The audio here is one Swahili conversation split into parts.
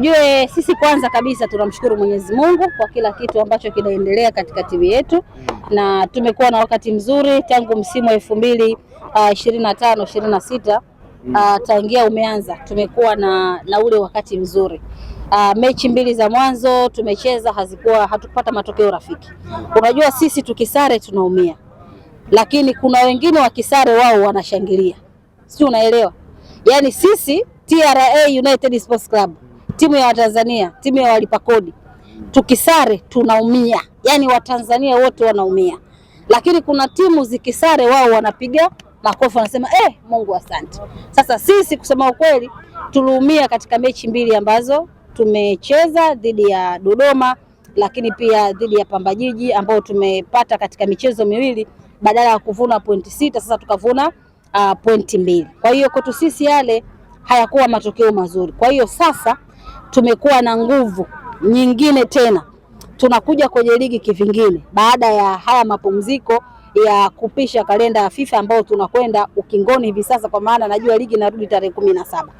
Ujue sisi kwanza kabisa tunamshukuru Mwenyezi Mungu kwa kila kitu ambacho kinaendelea katika timu yetu, hmm. na tumekuwa na wakati mzuri tangu msimu wa elfu mbili uh, ishirini na tano ishirini na sita hmm. uh, tangia umeanza tumekuwa na, na ule wakati mzuri. Uh, mechi mbili za mwanzo tumecheza hazikuwa, hatukupata matokeo rafiki. Unajua sisi tukisare tunaumia, lakini kuna wengine wakisare wao wanashangilia, si unaelewa? Yani sisi TRA United Sports Club timu ya Watanzania, timu ya walipa kodi, tukisare tunaumia, yaani Watanzania wote wanaumia, lakini kuna timu zikisare wao wanapiga makofi wanasema eh, Mungu asante. Sasa sisi kusema ukweli tuliumia katika mechi mbili ambazo tumecheza dhidi ya Dodoma, lakini pia dhidi ya Pamba Jiji ambao tumepata katika michezo miwili badala ya kuvuna pointi sita sasa tukavuna uh, pointi mbili. Kwa hiyo kwetu sisi yale hayakuwa matokeo mazuri. Kwa hiyo sasa tumekuwa na nguvu nyingine tena, tunakuja kwenye ligi kivingine baada ya haya mapumziko ya kupisha kalenda ya FIFA ambayo tunakwenda ukingoni hivi sasa, kwa maana najua ligi inarudi tarehe kumi na saba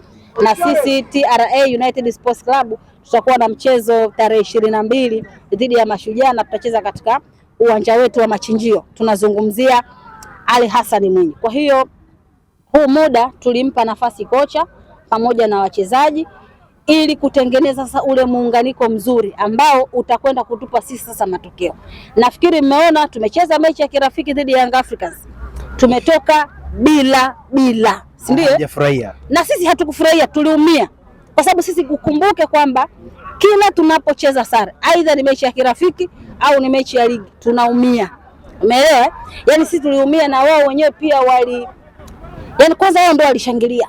na sisi TRA United Sports Club tutakuwa na mchezo tarehe ishirini na mbili dhidi ya Mashujaa na tutacheza katika uwanja wetu wa Machinjio. Tunazungumzia Ali Hassan Mwinyi. Kwa hiyo huu muda tulimpa nafasi kocha pamoja na wachezaji ili kutengeneza sasa ule muunganiko mzuri ambao utakwenda kutupa sisi sasa matokeo. Nafikiri mmeona tumecheza mechi ya kirafiki dhidi ya Young Africans, tumetoka bila bila, si ndio? Hajafurahia na sisi hatukufurahia, tuliumia kwa sababu sisi, kukumbuke kwamba kila tunapocheza sare, aidha ni mechi ya kirafiki au ni mechi ya ligi, tunaumia. Umeelewa? Yaani sisi tuliumia na wao wenyewe pia wali, yaani kwanza wao ndio walishangilia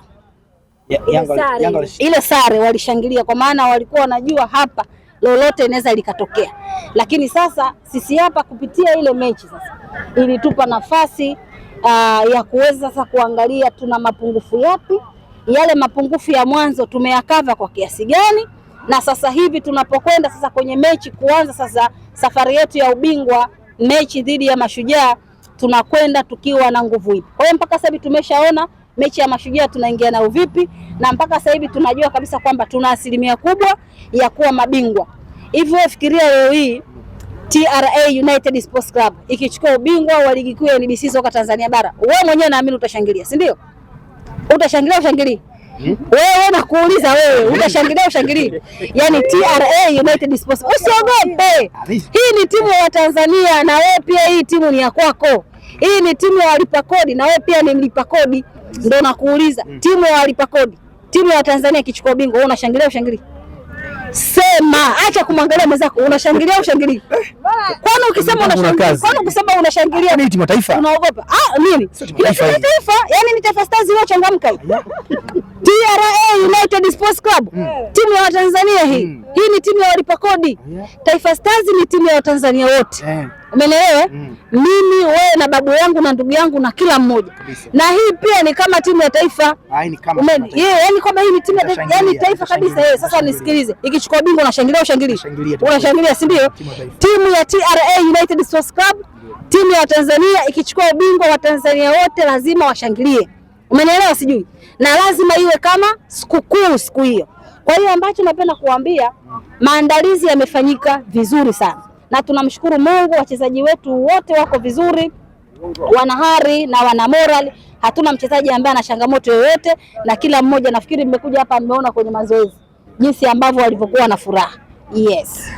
ile sare walishangilia, kwa maana walikuwa wanajua hapa lolote inaweza likatokea, lakini sasa sisi hapa kupitia ile mechi sasa ilitupa nafasi uh, ya kuweza sasa kuangalia tuna mapungufu yapi, yale mapungufu ya mwanzo tumeyakava kwa kiasi gani, na sasa hivi tunapokwenda sasa kwenye mechi kuanza sasa safari yetu ya ubingwa, mechi dhidi ya Mashujaa, tunakwenda tukiwa na nguvu ipi. Kwa hiyo mpaka sasa hivi tumeshaona mechi ya Mashujaa tunaingia na uvipi, na mpaka sasa hivi tunajua kabisa kwamba tuna asilimia kubwa ya kuwa mabingwa. Hivyo fikiria leo hii TRA United Sports Club ikichukua ubingwa wa ligi kuu ya NBC soka Tanzania bara, wewe mwenyewe naamini utashangilia, si ndio? Utashangilia ushangilie Hmm? Wewe nakuuliza wewe utashangilia ushangilie? Yaani TRA United Sports, usiogope. Hii ni timu ya Tanzania na wewe pia hii timu ni ya kwako. Hii ni timu ya walipa kodi na wewe pia ni mlipa kodi. Ndio nakuuliza mm. timu ya walipa kodi, timu ya Tanzania ikichukua ubingwa wewe unashangilia ushangilia? Sema, acha kumwangalia mwenzako, unashangilia ushangilia? Kwani ukisema unashangilia, kwani ukisema unashangilia ni timu ya taifa. Unaogopa? Ah, nini? Ni timu ya yaani taifa, yani ni Taifa Stars changamka. TRA United Sports Club mm. timu ya Watanzania hii mm. hii ni timu ya walipa kodi oh, yeah. Taifa Stars ni timu ya Watanzania wote yeah. Umeelewa? mm. Mimi wewe na babu yangu na ndugu yangu na kila mmoja Kabisa. Na hii pia ni kama timu ya taifa yaani kwamba hii ni timu ya taifa yani taifa kabisa yeye. Eh, sasa nisikilize, ikichukua bingwa unashangilia, ushangilie, unashangilia si ndio? Timu ya TRA United Sports Club, timu ya Tanzania ikichukua ubingwa wa Tanzania wote lazima washangilie. Umenielewa sijui? Na lazima iwe kama sikukuu siku hiyo. Kwa hiyo ambacho napenda kuambia, maandalizi yamefanyika vizuri sana na tunamshukuru Mungu, wachezaji wetu wote wako vizuri, wana hari na wana morali. Hatuna mchezaji ambaye ana changamoto yoyote, na kila mmoja nafikiri mmekuja hapa mmeona kwenye mazoezi jinsi ambavyo walivyokuwa na furaha. Yes.